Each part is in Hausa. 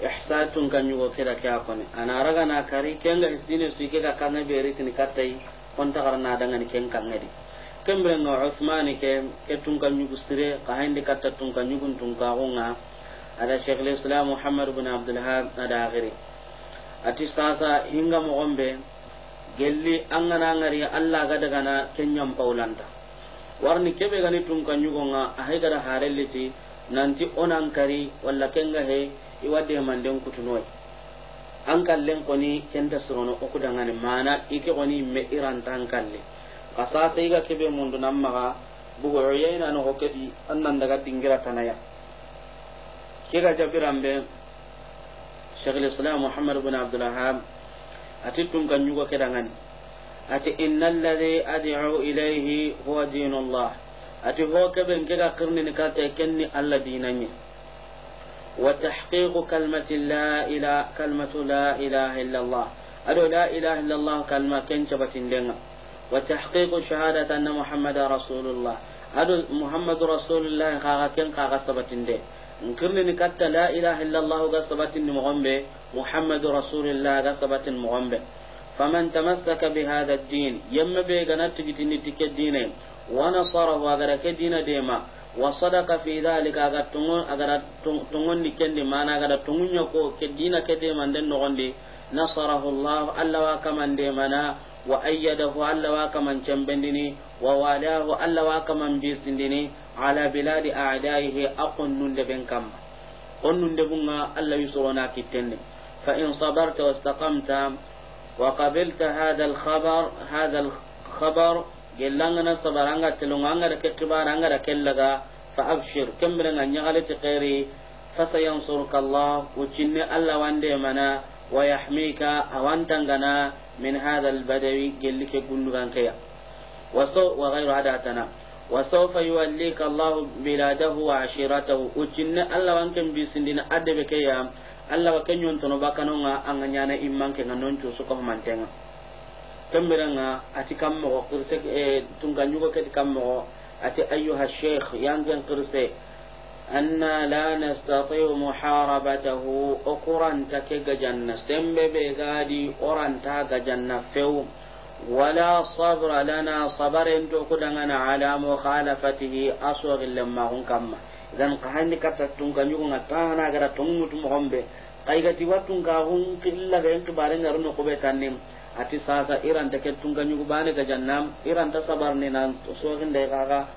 ihsatun kan yugo keda kya kone raga na kari kenga su ke ka kana beri tin katai ta karna na ni ken kan ngadi kembre no usman ke tun kan yugo sire ka hande katta tun kan yugo tun ka gonga ada syekh islam muhammad bin abdul hab ada akhiri ati sasa hinga mo gombe gelli angana ngari allah ga daga na kenyam paulanta warni kebe gani tun kan yugo nga ahe gara ti nanti onan kari walla kenga he iwadde manden kutunoy an kallen koni kenta sirono oku dangane mana ike koni me iran tan kalle sai ga kebe mundu nan maga bugo uyayna no hokedi annan daga dingira tanaya ga jabiran be shaykhul islam muhammad ibn abdul wahhab ati tun kan yugo kedangan ati innal ladhi ad'u ilayhi huwa dinullah ati ho kebe ngega kirni ni kata kenni alladinani وتحقيق كلمة لا إله كلمة لا إله إلا الله ألو لا إله إلا الله كلمة كنجبة لنا وتحقيق شهادة أن محمد رسول الله ألو محمد رسول الله خاغتين خاغتبة لنا نكرل نكتة لا إله إلا الله غصبة مغنبة محمد رسول الله غصبة مغنبة فمن تمسك بهذا الدين يم بيغنات تجتني تكدين ونصره وغرك دين ديما وصدق في ذلك اگر تون اگر تون ني نصره الله الله وكما دي وايده الله وكما چمبندني ووالاه الله وكما بيسندني على بلاد اعدائه اقن نون دي بنكم ألا نون يسرنا كي فان صبرت واستقمت وقبلت هذا الخبر هذا الخبر gellangana sabaranga telunganga anga da kibara anga da kellaga fa abshir kembere nga nyagale ti khairi fa sayansuruka allah ucinne allah wande mana wa yahmika awantangana min hadha albadawi gelli ke gundugan kaya wa saw wa ghayru adatana wa sawfa yuwallika allah biladahu wa ashiratahu ucinne allah wanken bisindina adebe kaya allah wa kenyon tono bakanonga anganyana nyana immanke nga non cusu mantenga kamirenga ati kammogo kirse eh, tunganyugo kedi kammogo ati ayuha sheikh yangen kirse anna la nastatiu muharabatahu o kuranta ke gajanna sembe be gadi oranta gajanna few wala sabra lana sabarento kudangana ala mukhalafatihi asogillemmahun kamma idan kahani katta tunganyugonga tana gara tongmutu mogonɓe kaygati wattun kahun killaga en kibarengaruno kuɓe tannim ati sasa iran ta ke tunga nyugo bane ga jannam iran ta sabar ne nan so hin da kaga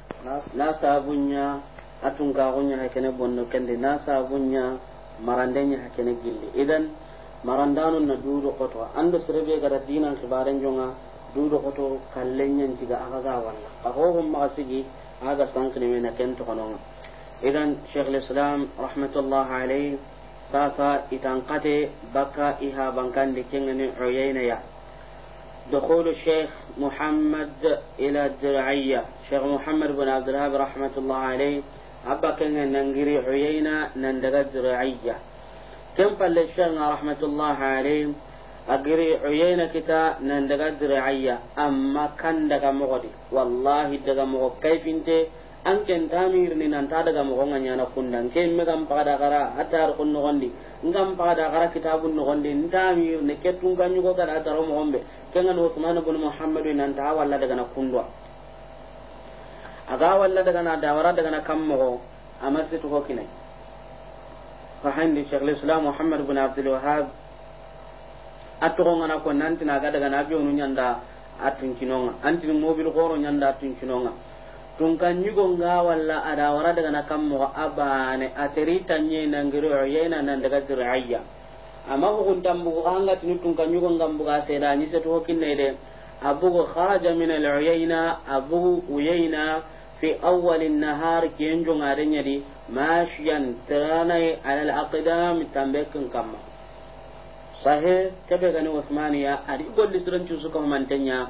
na sabunya atun ga gonya ha kene bonno kende na sabunya marandenya ha kene gilli idan marandanu na dudu qoto ando sirbe ga radina kibaren jonga dudu qoto kallenyen diga aga ga walla aho hum ma sigi aga sankne na kento kono idan shaykhul islam rahmatullah alayhi sasa itan kate baka iha bankande kengani uyayna ya دخول الشيخ محمد إلى الدرعية شيخ محمد بن عبد الوهاب رحمة الله عليه أبا كان ننجري عيينا نندق الدرعية كم قال الشيخ رحمة الله عليه أجري عيينا كتا نندق الدرعية أما كان دقا مغدي والله دقا مغدي كيف انت an ken tamir ni nan ta daga mo gonga nyana kundan ke me gam pada gara hatta ar kun nogondi ngam pada gara kitabun nogondi tamir ni ke tun ganyu go gara taro mo gombe kengan usman ibn muhammadu nan ta walla daga na kundwa aga walla daga na dawara daga na kammo go amarti to hokinai fa handi shaykh islam muhammad bin abdul wahhab atogo ngana ko nan na ga daga na biyo nu nyanda atun kinonga antini mobil goro nyanda atun kinonga tun kan yi gonga walla a wara daga na kam mo abane ateri tanye nan yi yana nan daga ziraiya amma ko bugu tambu anga tuni tun kan nyugo buga sai da ni sai to kinne de abugo kharaja min al uyayna abugo uyayna fi awwal an nahar kenjo ngare nyadi mashiyan taranai e ala al aqdam kan kamma sahe kebe gani usmaniya adi golli suran su ko mantanya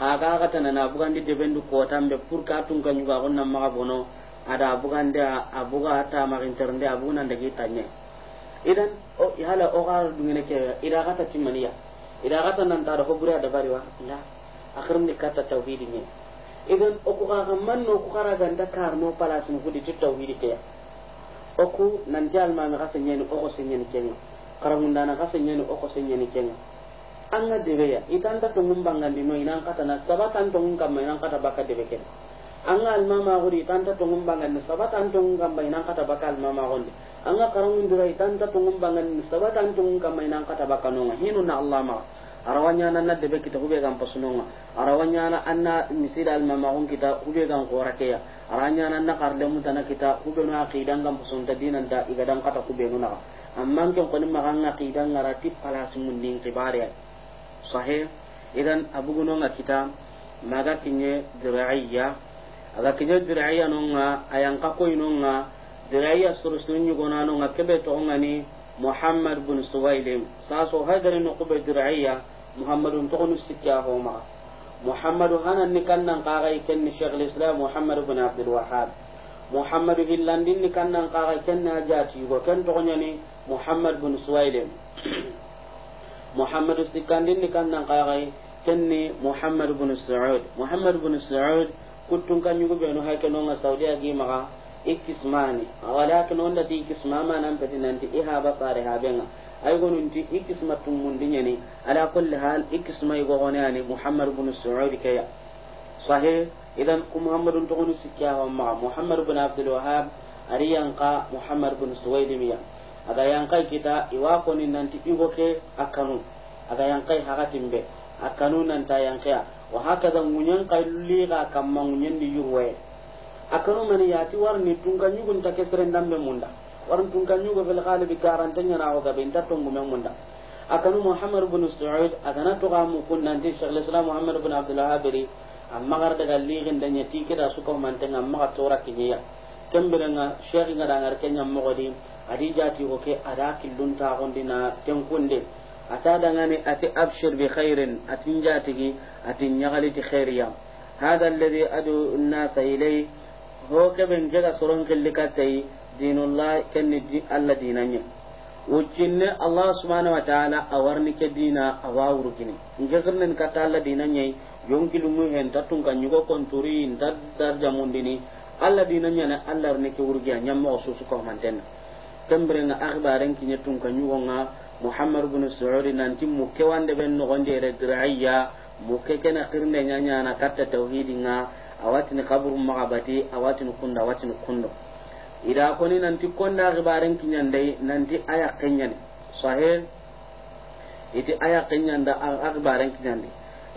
aga ga na bugandi de bendu ko tambe pour ka tun kan yuga gonna ma bono ada bugande abuga ta ma internde abuna de kitanye idan o hala o gar dungene ke ida gata timaniya ida gata nan ta da hobura da bariwa la akhir ni kata tauhidi ne idan o ku ga man no ku kara ganda kar no pala sun gudi tu tauhidi ke o ku nan jal ma ma gasa nyen o ko sen nyen kenya karamunda na gasa nyen o ko sen nyen kenya anga debe ya itanta tungum bangan dino inan kata na sabatan tungum kamma inan kata baka ken anga almama gori itanta tungum bangan ni sabatan tungum kamma inan kata baka almama gondi anga karangun dura itanta tungum bangan ni sabatan tungum kamma inan kata baka nonga hinu na allah ma arawanya na na debe kita hube gam pasunonga arawanya na anna misida almama gon kita hube gam korake ya arawanya na na karde mutana kita hube na aqidan gam pasunta dinan da igadang kata hube nuna amma kan koni maganga aqidan ngarati palasi mundin sahih idan abugunon ga kita maga kinye diraiya aga kinye diraiya nonga ayan ka koinonga diraiya sursun yugona nonga kebe to ngani muhammad bin suwailim saso hadari no diraiya to sikya homa hanan ni kannan shaykhul islam muhammad bin abdul wahhab hillandin ni kannan jati go ken to ngani muhammad bin suwailim muhammadu السكاندين كان نقاغي كني محمد بن سعود محمد بن سعود كنت كان يقول بأنه هيك نونا سعودية جيمغا ikismani walakin onda ti ikisma ma nan pati nan ti iha ba sare ha benga ay gonu ikisma tum mundinya ala kulli hal ikisma yugo gona ni muhammad ibn su'ud kaya idan ku muhammad to gonu sikya wa ma muhammad ibn abdul wahhab ariyan ka muhammad ibn suwaid miya aga yankai kita iwa koni nanti igo ke akanu aga yankai hakatimbe akanu nanta yankaya wa hakaza munyan kalli ga kamma munyan ni yuwe akanu mani yati warni tunga nyugun ta kesren dambe munda warni tunga nyugo fil ghalib na tungu men munda akanu muhammad ibn su'ud to ga mu kun nanti shaykhul islam muhammad ibn habiri amma gar daga danya amma tora kinya nga shaykh nga kenya adi jati ko ke ada kilun ta gondina ten kunde ata ne ati abshir bi khairin atin gi atin nyagali ti khairiya hada alladhi adu nasa ilay ho ke ben jaga soron killikatai dinullah kenni di alla dinanya wujinne allah subhanahu wa ta'ala awarni ke dina awawru kini ngegirnen kata alla dinanya yonkilumu hen tatun kan yugo konturi ndad dar jamundini alla dinanya na alla ne ke wurgiya nyammo susu ko mantenna kambere nga akhbaren kinya tun kan yugo nga muhammad ibn su'ud nan tim mu kewande ben no gonde re dirayya mu ke kana qirne nya nya na katta tauhidin nga awatin qabru mahabati awatin kunda awatin kundo ida koni nan ti konda akhbaren kinya ndai nan ti aya kenya ni sahih iti aya kenya nda akhbaren kinya ndai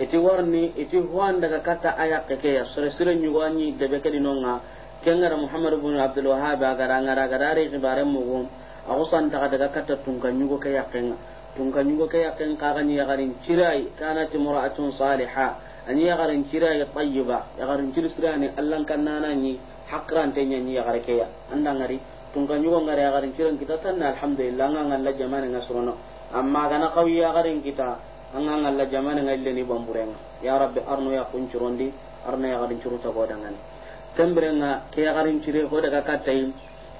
iti warni iti huwan daga katta aya keke ya sore sore nyugo anyi debe kedi nonga kengara muhammad ibn abdul wahhab agara ngara gara re bare mugo aku santa kada daga kata tungka nyugo ke yakenga tungka nyugo ke yaken ka gani ya garin cirai kana timra'atun salihah ani ya garin cirai tayyiba ya garin ciri sirani allan kannana ni hakran tanya ni ya garke ya anda ngari tungka nyugo ngari ya garin ciran kita tanna alhamdulillah ngan Allah jamana ngasrono amma kana qawi ya garin kita angan Allah jamana ngalle ni bamburenga ya rabbi arnu ya kuncurondi arna ya garin curuta godangani kembirenga ke garin cire ko daga katai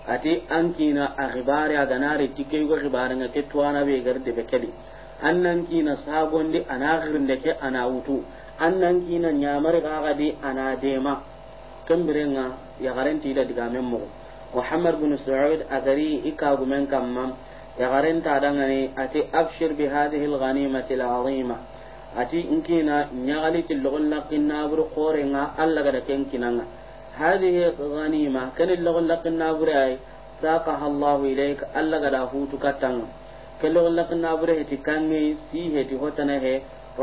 ati ankina a gibare a ganare tike go gibare nga ke tuwana be garde be kedi annan kina sagondi ana da ke ana wutu annan kina nyamare ga gadi ana dema kembirenga ya da diga men mo muhammad bin sa'id azari ika gumen ta yagaranta ne ati afshir bi hadhihi alghanimati alazima ati inkina ati nkina ñagalitillogon lakkinnaɓuri qorenga allaga da kenkinanga هذه غنيمة كان اللغن لقنا براي ساقها الله إليك ألا قد أفوتك تنغ كان اللغن لقنا براي تكامي سيه تهوتنه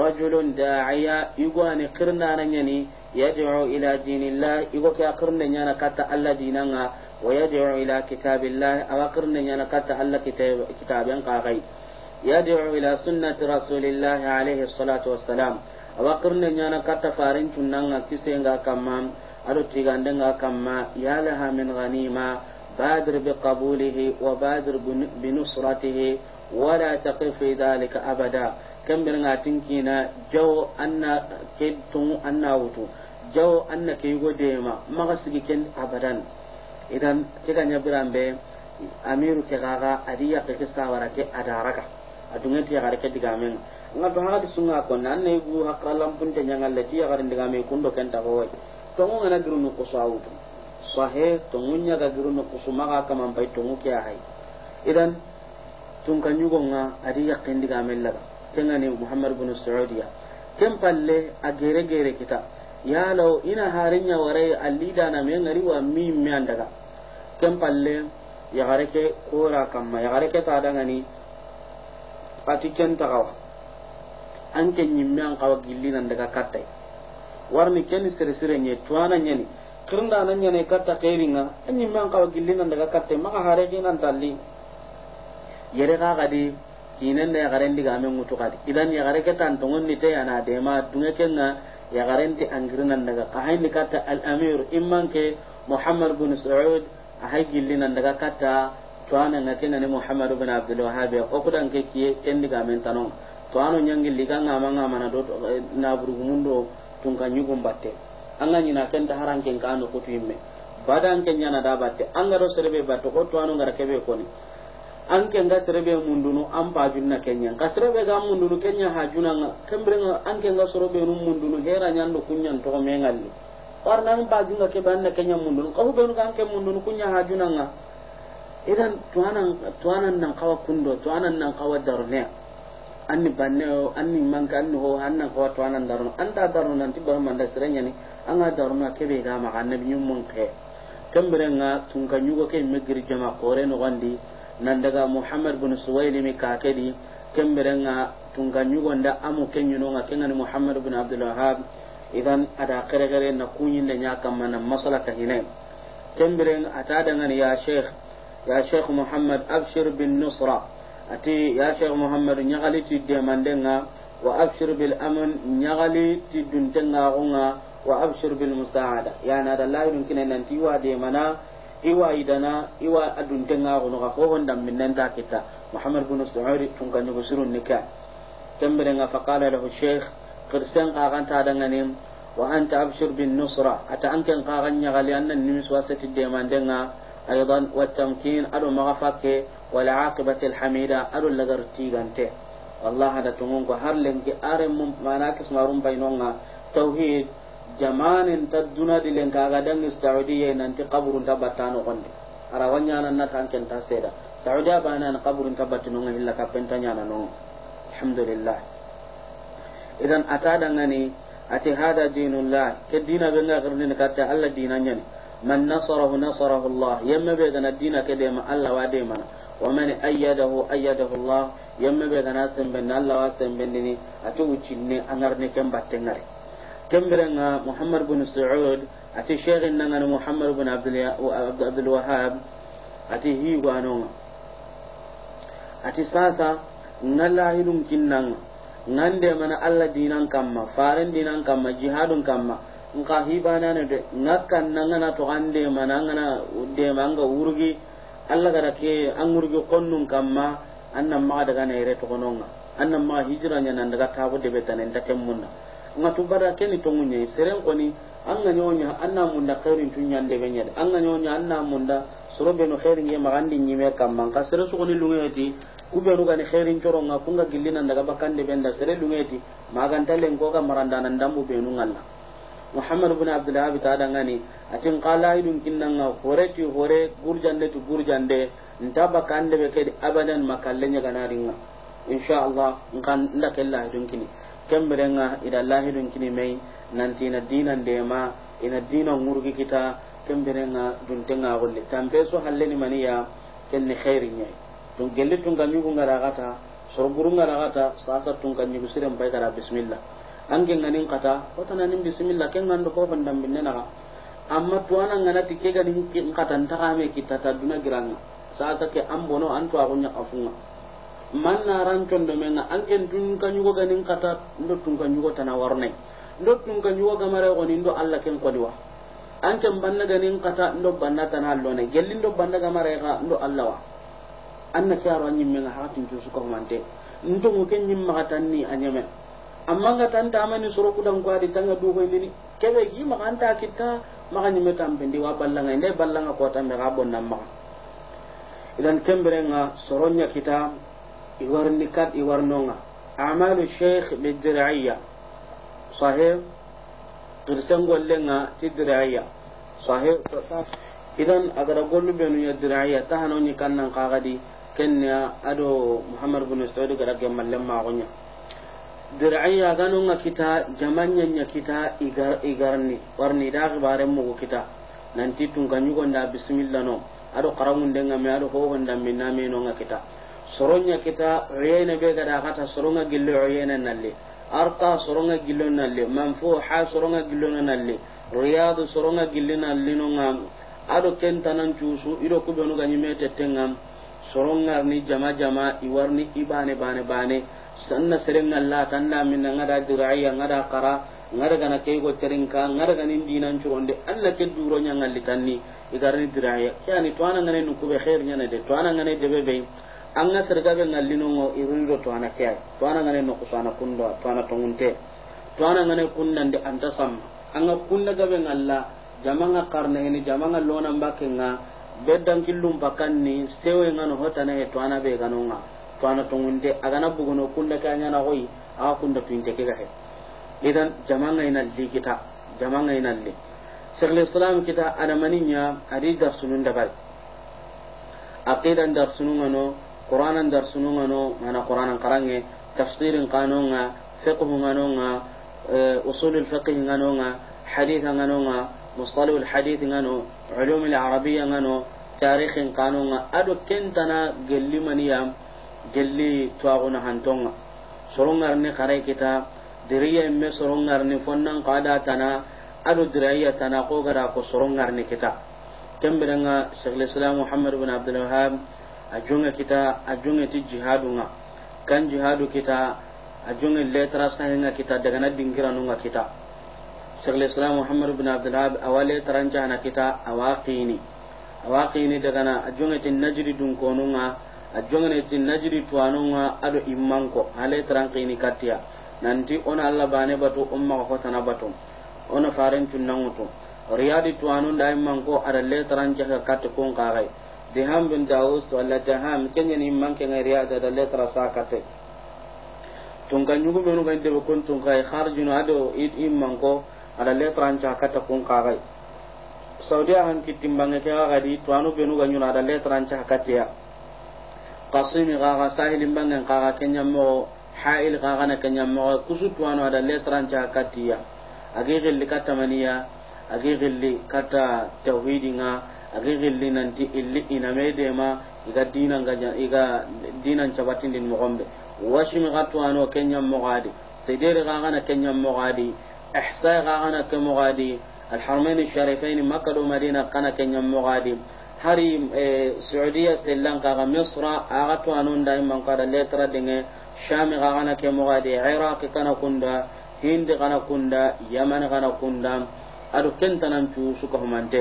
رجل داعية يقوان قرنا نيني يدعو إلى دين الله يقوك قرنا نينا كتا ألا ديننا ويدعو إلى كتاب الله أما قرنا نينا كتا ألا كتابين قاغي يدعو إلى سنة رسول الله عليه الصلاة والسلام أما قرنا نينا كتا فارنتنا كسينا كمام aɗo tigandenga kamma yalaha min ganima badir biqabulihi wa badir binusratihi wala taqif fi dhalika abada kambirnga tinkina jaw anna kedtun anna wutu jaw anna keygo deema maga sigi ken abadan idan kega ñabiranɓe amiru ke gaga adi yaqe ke sawara ke adaraka adungeti yagare ke digamenga nga to haadi sunga konna anna ygu hakra lampunte ñangalle ti yagare ndigame kundo ta howoy tongo ngana giru no kusawu sahe tongo nya ga giru nu kusuma ga kaman bai tongo kya hai idan tun kan yugo nga adi yakin diga mella tenga ni muhammad bin saudiya kem palle a gere gere kita yalo ina harinya warai alida na me ngari wa mi mi andaga kem palle ya ke kora kama ya ke ta daga ni ati ken tagawa an ken nyimmi an kawa gilli nan daga kattai warni sere-sere nye tuana na nye ni kata kiri nga enyi man kawa gillina daga kate maka hare kinan talli yere ka kadi kinan da yagare ndiga amen mutu kadi idan yagare keta tantongon ni te na adema dunga kenga yagare nti angirinan daga kahain ni kata al amir imman ke muhammad bin su'ud ahay gillina daga kata tuana nga kena ni muhammad bin abdul wahhab o kudan ke kendi kendiga amen tanon tuano nyangi liga ngama ngama na do eh, na burugumundo tun kan yugun batte an ga nyina kan ta haran kan kanu kutu imme badan kan yana da batte an ga serbe batte ko to anu ngara kebe koni an kan ga serbe mundunu an ba junna kenya ka serbe ga mundunu kenya ha junna juna kambre an kan ga sorobe nun mundunu hera nyan do kunyan to me ngalli warna min pa junga kebe an kenya mundunu ko be nu kan ken mundunu kunya ha junna nga idan tuanan tuanan nan kawa kundo tuanan nan kawa darne anni banne o anni manka anni ho hanna ko to anan darno anda daro nan tibba man da sirenya ni anga darno kebe ga ma annabi nyum mun ke kambere nga tun kan yugo ke megir jama kore no gandi nan daga muhammad bin suwaili mi ka kedi kambere nga tun kan yugo nda amu ken no nga kenan muhammad bin abdul wahab idan ada kare kare na kunyin da nyaka mana masala ka hinai kambere ata dangan ya sheikh ya sheikh muhammad abshir bin nusra ati ya sheikh muhammad nyagali ti mandenga wa abshir bil amn nyagali ti duntenga nga wa abshir bil musaada na da lahirun kinan nan ti wa de mana iwa idana iwa tenga gono ka ko ndam nan ta kita muhammad bin su'ari tun kan yugo surun nika tambare nga faqala lahu sheikh qirsan ka kan ta dan ne wa anta abshir bin nusra ata anken ka kan nyagali annan nimis wasati mandenga أيضا والتمكين أدو مغفك والعاقبة الحميدة أدو لغرتي غنته والله هذا تمونك هر لنك أرم مناكس مارون بينونا توحيد جمان انت الدنا دي لنك أغدن السعودية ننتي قبر انت بطانو غندي أراوانيا أنا تانك انت سيدا سعودية بانا أن قبر انت بطنونا إلا كبنتانيا نونا الحمد لله إذا أتادنني أتي هذا دين الله كدين بنا غرنين كاتا الله دينانيا man nasarahu nasarahu Allah yamma be gana dina ke de ma Allah wa de wa man ayyadahu ayyadahu Allah yamma be gana sembe na Allah wa sembe ni atu ucinne anar ne kan battengare kembirenga Muhammad bin Saud ati sheikh nanga Muhammad bin Abdul ati hi gwanonga ati sasa ngalla hilum kinnanga ngande mana Allah dinan kamma faran dinan kama jihadun kama. nka ne de nga kanna ngana ande demana ngana dema manga wurgi allah gada ke an wurgi konnun kamma an ma daga daga re to toxononga an ma maxa nya nan daga tabu de betan en dake munna nga tubada keni tonguñayi seren koni an ga ñoña an na munda xerin de benya ñade an ga munda an na no soro benu magandi maxandi me kamma nka sere su sugoni lungeyeti kubenu gani ku coronga kunga gillinan daga bakande benda da sere lungeyeti maganta leng koga marandana ndambu benu ngalla muhammad ibn abdul wahhab ta da ngani atin qala idun kinnanga hore ti hore gurjande ti gurjande ntaba bakande be kedi abadan makallenya kana dinga insha Allah ngan la kella idun kini kemberenga ida Allah idun kini mai nanti na dinan de ma ina dinan murgi kita kemberenga duntenga golle tambe so halleni maniya khairin khairinya dun gelle tun gami ngara gata sorgurunga ragata sasa tun kan nyugusiren bai kara bismillah angen ngani kata kota oh, nanin bismillah ken ngando ko bandam binne na amma tuana ngana tike ga din kata ntaka me kita ta duna sa ta ke ambono antu agunya kafunga man na ran condo an angen dun kanyugo ganin kata ndo tun kanyugo tana warne ndo tun ga mare ko ndo alla ken ko diwa ken banna ganin kata ndo banna tana allone gelli ndo banna gamare ga ndo alla wa an na anna kyaro me nga hakatin su suko mante ndo mo ken nyimma katanni anyame amma ga tan ta mani suru kudan kwa di tanga du hoy mini kebe gi ma kan ta kita ma kan nyime tambe ndi wa ballanga ne ballanga ko ta me rabon nam ma idan kembere nga soronya kita iwarni kat iwarnonga amalu sheikh bidiraiya sahib tirsan gollenga tidiraiya sahib idan agara gollu benu ya diraiya ta ni kannan kagadi kenya ado muhammad bin saudi gara gemalle ma gonya dir'ayya ganonga kita jamanyanya kita igar igarni warni da gibaren mugo kita nanti tunga nyugonda bismillah no ado qarangundenga me ado hogonda me namenonga kita soronya kita uyene be gada kata soronga gillo uyene nalle arqa soronga gillo nalle manfuha soronga gillo nalle riyadu soronga gillo nalle nonga ado kentanan cusu ido kubenu ganyime tetengam soronga ni jama jama iwarni ibane bane bane, bane sanna serenga la tanda minna ngada diraya ngada qara ngada gana kay go terinka ngada ganin dinan curonde alla ke duro nya ngalli tanni igarni diraya yani to anan ngane nuku be khair nya de to anan ngane de be be anga serga be ngalli no irun do to anan kay to anan ngane nuku sana kundo to anan tongunte to anan ngane kunnande anta sam anga kunna gabe ngalla jamanga karna heni jamanga lona mbakenga beddan killum ni sewe ngano hotana he to anan be ganonga to ana tongunde agana bugono kulla ke anyana goyi aga kunda tuinte ke gahe idan jamanga ina li kita jamanga ina li shaykhul islam kita adamaninya adi darsunun dabal aqidan darsunun ngano qur'anan darsunun ngano mana qur'anan qarange tafsirin qanonga fiqh nganonga eh, usulul fiqh nganonga hadith nganonga مصطلح الحديث غنو علوم العربية غنو تاريخ قانون أدو كنتنا قل لمن يام gelli tuaguna hantonga sorongarni kare kita diriya sorongar sorongarni fonnan qada tana adu diriya tana ko gara ko sorongarni kita kembirenga Sheikh Islam Muhammad bin Abdul Wahhab ajunga kita ajunga ti jihadunga kan jihadu kita ajunga letra sahinga kita daga na dingiranunga kita Sheikh Islam Muhammad bin Abdul Wahhab awale taranja na kita awaqini awaqini daga na ajunga tin najri dun konunga a jogeneti najiri tuwanunga aɗo immanko hale tarankini kattiya nanti ona allah bane batu on maga hotana batum ona faren cunnangutum riyadi tuwanun da immanko aɗa le tarankeke katte kun karay diham bin daus walla daham kenyen immanke ngai riyadi aɗa le tara sa katte tunka ñugumenu gani deɓe kon tunkay e harjunu aɗo i immanko aɗa le tarancaa katte kun karay saudi ahan kittimbange ke kakadi tuwanu benuga ñuna aɗa le tarancaa kattiya qasimi kaga sahilin bangen kaga kenyammogo ha'il kagana kenyammogo kusutuwano ada letranca kattiya agi gilli kattamaniya agi gilli katta tawhidinga agi gilli nanti illi iname dema iga dinanga iga dinan cabatindin mogonɓe washimi katuwano kenyammogo adi sideri kagana kenyammogo adi ihsa kagana kemogo adi alharmain sharifain makka do madina kana kenya adi hari eh, saudiya sellan kaga misra aga to anon da imman kada letra dinge shami kaga na ke mugadi iraq kana kunda hind kana kunda yaman kana kunda adu kenta nan tu suka humante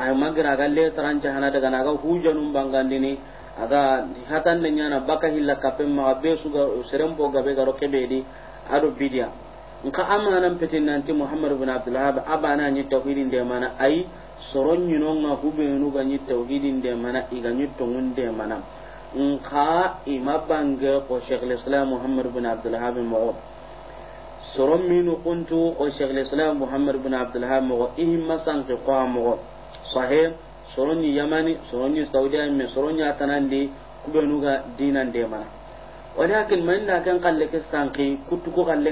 ay magra ga letra an jahana daga naga hujanum bangandini aga hatan nan yana baka hilla kapem ma be ga serembo be garo kebedi adu bidia nka amanan petin ti muhammad ibn abdullah abana ni tawhidin de mana ai soron ñinonga huɓenu gañi tawhidin de mana igañi tongun de mana nka ima bange ko cheikh lislam muhammad bin abdulhabi mogo soron minu kuntu ko cheikh lislam muhammad bin abdulhabi mogo ihimma sanki koa mogo sahe ni yamani soronñi saudia me ni atanandi ga dinan de mana walakin man na kan kalle ke sanki kutu ko kalle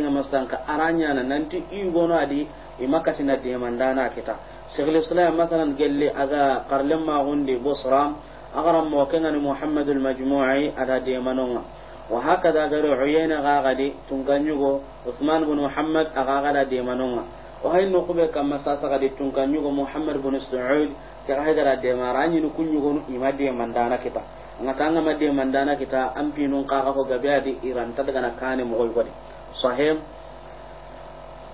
aranya na nanti i gono adi imakati na de mandana kita شيخ الإسلام مثلا قال لي أذا قرلما غندي بصرة أغرم موكنا محمد المجموعي أذا ديمانونا وهكذا غير عيينة غاغدي تنقنيغو عثمان بن محمد أغاغدا ديمانونا وهي نقبة كما ساسا غدي تنقنيغو محمد بن سعود كغاغدا ديماراني نكنيغو إما ديماندانا كتا ngatanga madde mandana kita ampinun kaga ko gabe adi iran tadaga na kane mo goy godi sahib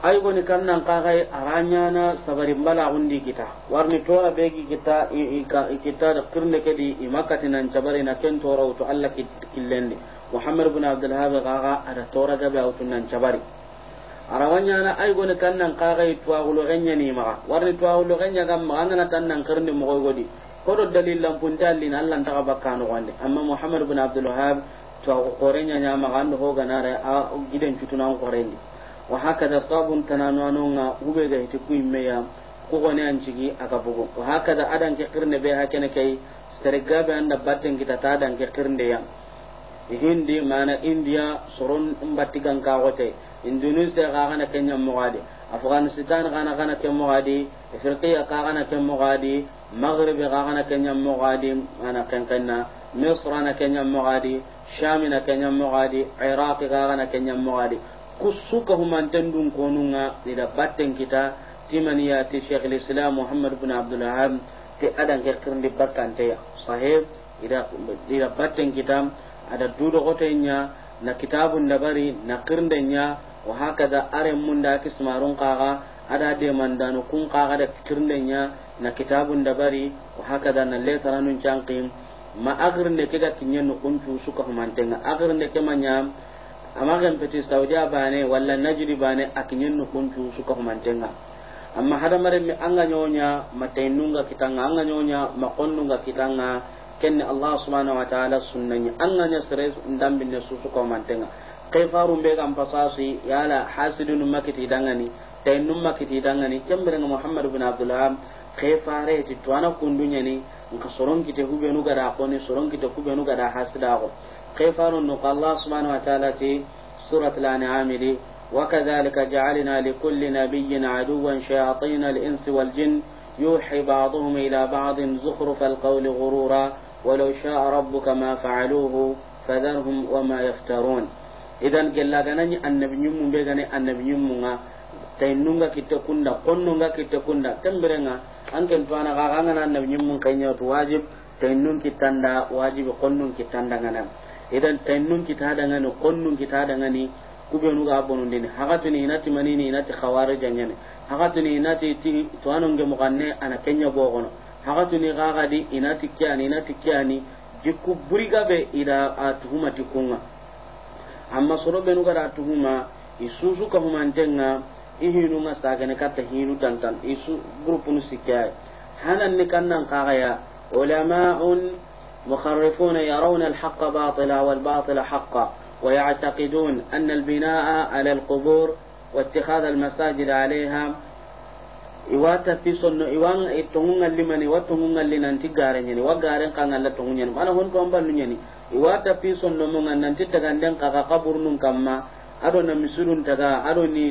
ay goni kan nan ka kai aranya na sabarin bala hundi kita warni tora begi kita kita da kirne ke di imakati nan jabari na ken tora to Allah killendi Muhammad ibn Abdul Habib kaga ada tora ba auto nan jabari arawanya na ay goni kan nan ka kai tuwa gulo ganya ni ma warni tuwa gulo ganya ga ma nan tan nan kirne mo godi do dalil lampun dalil Allah ta kanu wande amma Muhammad ibn Abdul Habib tuwa ko korenya nya ma ando ho ganare a giden cutunan korendi wa hakada sabun tananwanonga hubega hiti kuimmeya kogone ancigi aga bugu wa hakada adanke kirne be hakene kay sergabe anda batten kita ta adanke ya hindi mana india soron ka kagote indonesia kagana kenya mogadi afghanistan kana kana ke mogadi afriqiya kagana ke mogadi maghrib kagana kenya mogadi ana kankanna misra na kenya mogadi sham na kenya mogadi iraq kagana kenya mogadi ka humantan dun konunga ida batten kita timani ya ti Sheikh al-Islam Muhammad ibn Abdul Wahhab ti adan kirkirin di ta ya sahib ida ida batten kita ada dudo gotenya na kitabun dabari na kirndenya wa da are mun da kismarun qaga ada de mandanu kun qaga da kirndenya na kitabun dabari wa da na letaranun canqim ma agrin ne kega tinyen kuntu suka humantenga agrin ne kemanya amma kan peti saudiya bane walla najri bane akinyen nu kuntu suka humantenga amma hada mare mi anga nyonya nga kitanga anga nyonya nunga kitanga kenne allah subhanahu wa ta'ala sunnanya anga nya sere ndambi ne su suka humantenga kai faru be kan fasasi yala hasidun makiti dangani nun makiti dangani kembere muhammad ibn abdullah kai fare ti tuana kundunya ni nka soron kite hubenu gada ko ni soron kite hubenu gada hasida ko قيفان النقى الله سبحانه وتعالى في سورة الأنعام لي وكذلك جعلنا لكل نبي عدوا شياطين الإنس والجن يوحي بعضهم إلى بعض زخرف القول غرورا ولو شاء ربك ما فعلوه فذرهم وما يفترون إذا قلنا غنني النبي نمو بغني النبي نمو tainunga kitta kunda konnunga kitta kunda tambirenga anken tuana kaganga na nabi واجب kanya wajib tainun واجب wajib konnun kitanda ngana idan tannun kita da ngani konnun kita da ngani nu ga bonu dini hakatu ni inati mani ni nati khawarija ngani hakatu ni inati ti tuanun ge muganne ana kenya gono hakatu ni ga di inati kyani inati kyani jikku ga be ida atuhuma tikunga amma soro nu ga atuhuma isusu ka ntenga ihinu nga sagane katta hinu tantan isu nu sikya hanan ni kannan kaya ulama'un مخرفون يرون الحق باطلا والباطل حقا ويعتقدون أن البناء على القبور واتخاذ المساجد عليها يواتا في صن يوان يتونغن اللي من يواتونغن يعني وقارن قان الله يعني أنا هون كم بالن يعني في صن من ننتي تغندن كا قبر كما أرونا مسرون تغا أرونا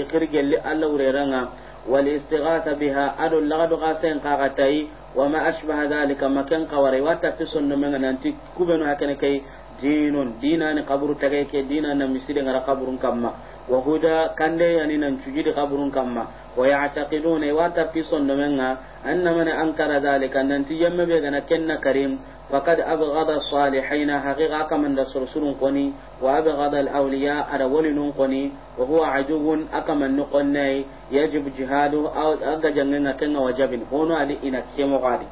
يخرج اللي الله وريرانا والاستغاثة بها أدو لغدو غاسين قاغتاي وما أشبه ذلك ما كان قواري واتفسن من kai كبنو هكذا كي dinun dinani kaburu tagay ke dinana misiri ngara kaburun kamma wa huda kande yani nan cuji di kamma ويعتقدون يواتا في صنمنا أن من أنكر ذلك أن أنت بيغنا كن كريم فقد أبغض الصالحين حقيقة من رسول قني وأبغض الأولياء أرول قني وهو عجو أكمن نقني يجب جهاده أو أجنن كنا وجبن هنا لإنك مغادي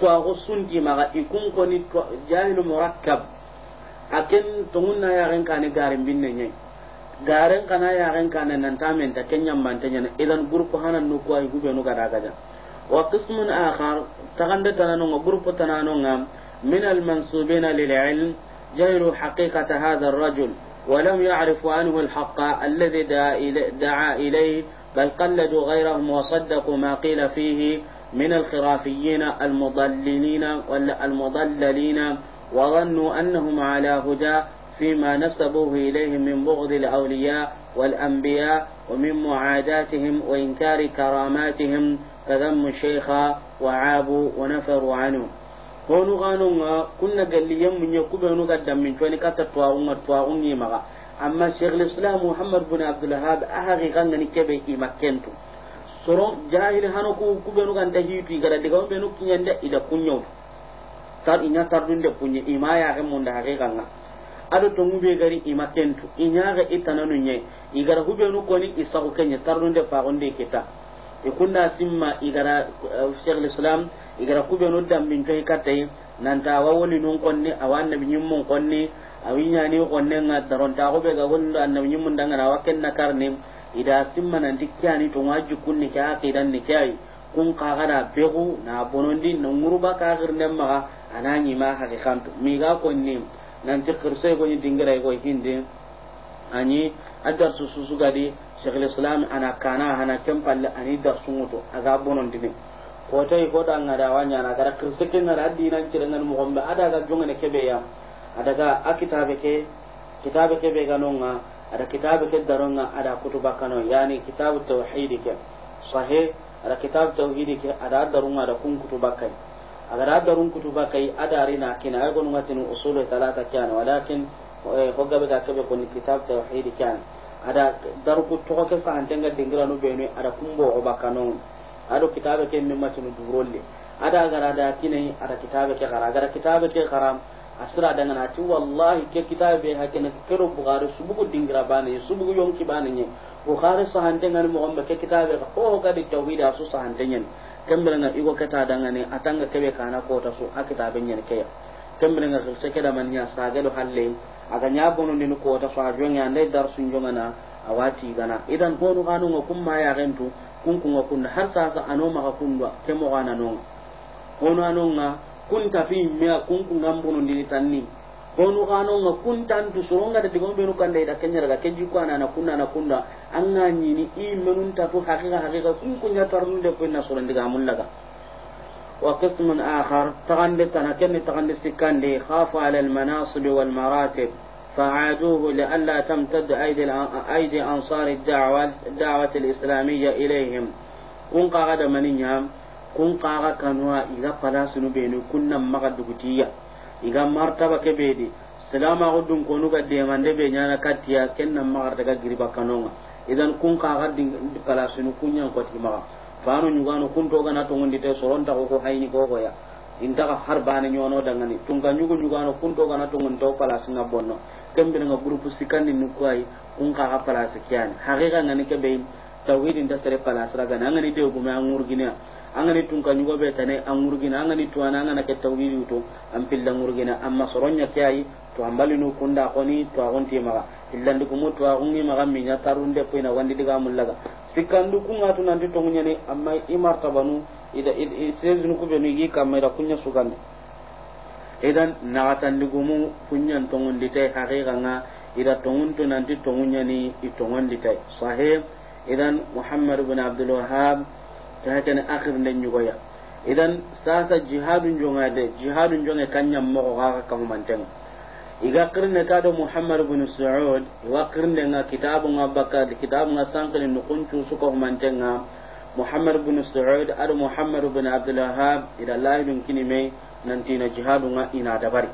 فأغصن جمع يكون قني جاهل مركب أكن تهنا يغن كان غارم بنا garen kana ya ren kana nan ta men ta kenyan man ta nyana idan group hanan no kwai gube no gada gada wa qismun akhar ta taganda tanano ngo group tanano ngam min al mansubina lil ilm jairu haqiqata hadha ar rajul ولم يعرفوا عنه الحق الذي دعا إليه بل قلدوا غيرهم وصدقوا ما قيل فيه من الخرافيين المضللين ولا المضللين وظنوا أنهم على هدى فيما نسبوه إليهم من بغض الأولياء والأنبياء ومن معاداتهم وإنكار كراماتهم كذم الشيخ وعابوا ونفروا عنه honu ganunga kunna galli yammun ya kubenu gaddam min coni kata tuwaunga tuwaungi maga amma sheikh islam muhammad bin abdul wahab ahagi ganga ni kebe i makkentu soro jahil hano ku kubenu ganda hitu gara diga benu kinyanda ida kunyo tar inya tar dunde kunye ima ya mun da hage ganga ado to ngube gari ima kentu inyaga itananu nye igara hube nu koni ko kenya de keta kita ikunna simma igara uh, Sheikh Islam igara kube nu dambin nan ta nanta awawoli nun konni awanna binyum mun konni awinya ni konne nga daronta ko be ga wonno annabi nyum mun dangana na karne ida simma nan dikkani to waju kunni ka akidan ni kai kun kagara begu na bonondi na nguruba kagir ma anani ma hakikantu mi ga konni nanti kirse ko ni dingira ko hindi ani adar su su gadi shekhul islam ana kana ana palle ani su mutu aga bonon dine ko tay ko da ngada wanya na gara kirse ken na adina nan mu gombe ada ga ne kebe ya ada ga akitabe ke kitabe ke be ganonga ada kitabe ke daronga ada kutuba kano yani kitabu tauhid ke sahih ada kitabu tauhid ke ada darunga da kun kutuba kai agara darun kutuba kai adari na kina ay gonu ngatin usul talata kyan walakin eh, hogga be ka be konni kitab tauhid kyan ada dar ku to ke fa antanga dingira no benu ada kumbo o bakano ado kitabe ke min matinu durolle ada agara da kine ada kitabe ke gara agara kitabe ke garam asira daga na ci wallahi ke kitabe hakina kero bukhari subugu dingira bane subugu yonki bane ne bukhari sahande ngani mo gombe ke kitabe ko oh, ho ga di tauhid asu sahande ne kembelenga igo keta dangane atanga kebe kana kota so akita benyene keya kembelenga gelse keda manya sagedo halle aga nyabono ni kota so dar ande darsu njongana awati gana idan bonu kanu kun ma ya rentu kunku kunda har sa-sa sasa kun kakundwa kemo kana nonga ono nga kun tafi kun kunku ngambono ni tanni konu gano nga kuntan tu suronga da digon benu kan dai da kenya daga kenji ko ana kunna na kunna an na ni i menun ta to hakika hakika kun kunya tarun da kunna soron diga mun laga wa qismun akhar tagande kana kenni tagande sikande khafa ala al manasib wal maratib tamtad فعادوه لئلا تمتد أيدي, أيدي أنصار الدعوة الدعوة الإسلامية إليهم كن قاعد من يام كن قاعد كانوا إذا فلاسنوا بينه kunna magadugutiya iga martaba ke bedi salama ko dun ko nuga de mande be nyana katiya kenna magar daga giriba kanonga idan kun ka ga din kala sunu kunyan ko tima fanu nyugano kun to gana to ngondi te soronta ko ko hayni ko ko ya inta ka har bana nyono daga ni tunga nyugo nyugano kun to gana to ngondo kala sunga bonno kembere nga groupe sikandi nukwayi kun ka ga kala sikyan hakika ngani ke be tawhidin ta sare pala sraga na ngani de gumi an ngurgina an ngani tun kan yugo be tane an ngurgina an ngani tuana an ngana ke tawhidi to an pilla ngurgina amma soronya kiyai to ambali no kunda koni to agon ti maga du kumu to agon ni maga minya tarunde ko ina wandi diga mullaga du kunga to di to ne amma banu ida sezinu ku be no yi kamera kunya sugan idan nagatandi gumu kunyan tongundi tay hakika nga ida tonguntu nanti tongunyani itongonditay sahih idan muhammad ibn abdul wahhab ta hakan akhir nan yugoya idan sasa jihadun jonga de jihadun jonga kanyam mo ga ka manteng iga qirne ka do muhammad ibn su'ud wa qirne na kitabu ngabaka di kitabu nga sankani no kuncu su ko nga muhammad ibn su'ud ar muhammad ibn abdul wahhab ila lahidun kinime nanti na jihadun nga ina dabari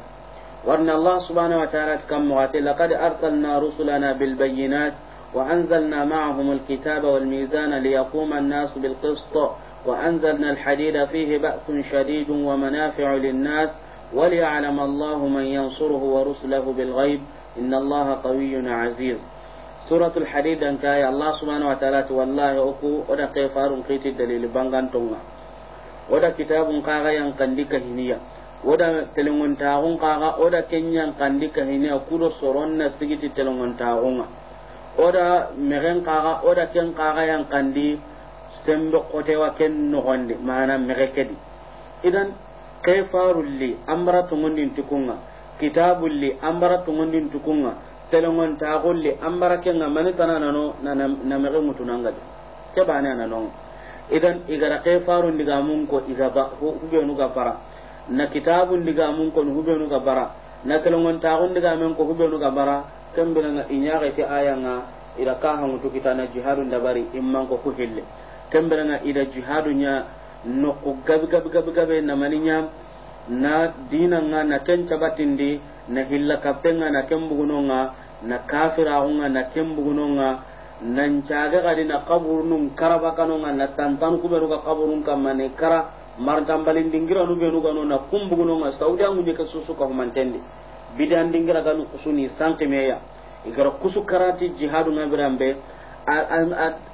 warna allah subhanahu wa ta'ala kam wa laqad arsalna rusulana bil bayyinati وأنزلنا معهم الكتاب والميزان ليقوم الناس بالقسط وأنزلنا الحديد فيه بأس شديد ومنافع للناس وليعلم الله من ينصره ورسله بالغيب إن الله قوي عزيز سورة الحديد أن يا الله سبحانه وتعالى والله أكو ودا كيفار قيت الدليل بانغان تونغا ودا كتاب قاغا ينقندك هنيا ودا تلمون تاغون قاغا ودا كنيا ينقندك هنيا كل سرون نسيجي تلمون تاغونغا oda mexen xaxa oda ken xaxa yanxandi sembe xotewa ken noxondi mana mexe kedi idan kefarulli anbara tungundin tukunga kitabulli anbara tungundin tukunga telengontaxulli anbara kenga mani tana nano na mexe ŋutunangadi ke bane ananonga idan igara kefaru ndigamun ko igaba hubenu ga bara na kitabu ndigamun ko hubenu ga bara na telengontaxu ndigamen ko hubenu ga bara kembina nga inyaga ti aya nga ida ka hangutu kita na jihadu dabari imman ko ku hille kembina nga ida jihadu nya no ku gabi gabi gabi gabi na maninya na dina nga na ken batindi na hilla kaptenga na kembuguno nga na kafira nga na kembuguno nga nan caga gadi na kaburunun karaba kanonga na tantan kubenu ka kaburun kamane kara nu benu gano na kumbugunonga saudi angunye ke susu kahumantendi bidan dingira ganu kusuni meya igara kusu karati jihadu na birambe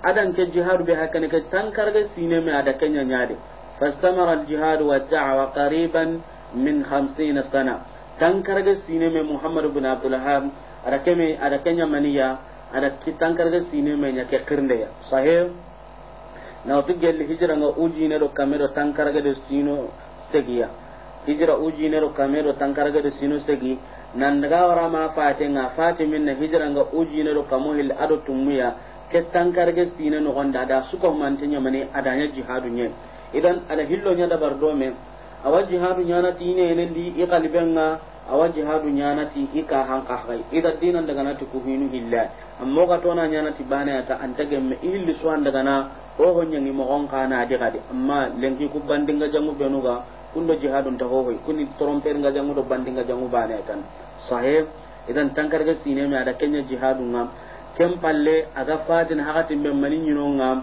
adan ke jihadu be hakane ke tankarga sine me ada kenya nyade fastamara jihadu wa da'wa qariban min 50 sana tankarga sine me muhammad ibn abdul ada keme ada kenya maniya ada kitankarga sine me nyake kirnde ya sahib na otu gelli hijra nga uji ne do kamero tankarga de sino segiya hijira ujinero kamero tankarage do sino segi nandaga warama fate nga fate minna hijira nga ujinero kamo hil ado tumuya ke tankarage sino no gonda da suko mante nyamani adanya jihadu nye idan ada hillo nya da bardo me awa jihadu nyana ti ne ne di iqali benga awa jihadu nyana ti ika hanqa gai ida dinan daga na ti ku hinu hilla ammo ga tona nyana ti bana ya ta antage me illi suwan daga na o honnya ngi mo gonka na diga di amma lengi ku bandinga jamu benuga kundo jihadun ta hohoy kundi tromper nga jangu do bandi nga jangu bane tan sahib idan tankar ga sine mi ada kenya jihadun ngam kem palle aga fatin hakatin be mani nyino ngam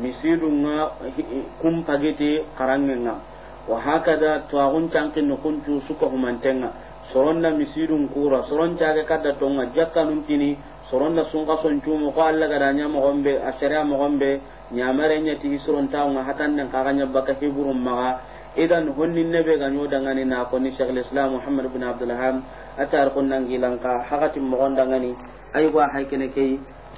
misidu nga kum pagiti karange ngam wa hakada tuagun cankin no kuntu suka humantenga soronna misidun kura soron caga kadda tonga jakkanun tini soronna sunga son cumo ko alla gada nya mo gombe asere mo gombe nyamare nya tii soron tawnga hatan nan kaganya baka hiburum maga idan ne be ganyo nyo dangani na ko ni Sheikh Islam Muhammad ibn Abdul atar kun nan gilanka hakatin mo gonda ngani ay wa hay kene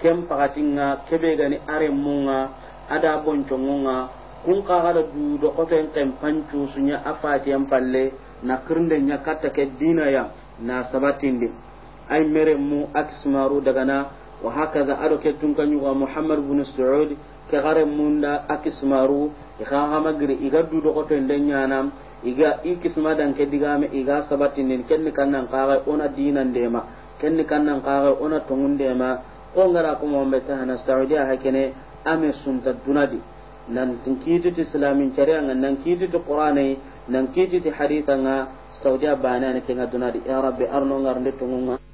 kem pagatinga kebe gani are munga ada bonco munga kun ka hada du do ko ten tem pancu sunya afati am palle na kirnde nya katta ke dina ya na de ay mere mu aksmaru daga na wa hakaza ado ke tun kan Muhammad ibn Saud kegare munda a kismaru hama xamagiri iga nden ñanam iga i kisma danke digame iga nin kenni kannan kaxe ona dinandema kenni kannan kaxe ona tongundema ko ngara meta na saudi ha kene ame sunta dunadi nan kiititi islamin caria nga nan kiititi qurani nan kiititi haditha nga bana ne kenga dunadi ya rabbi arno ngar tongunga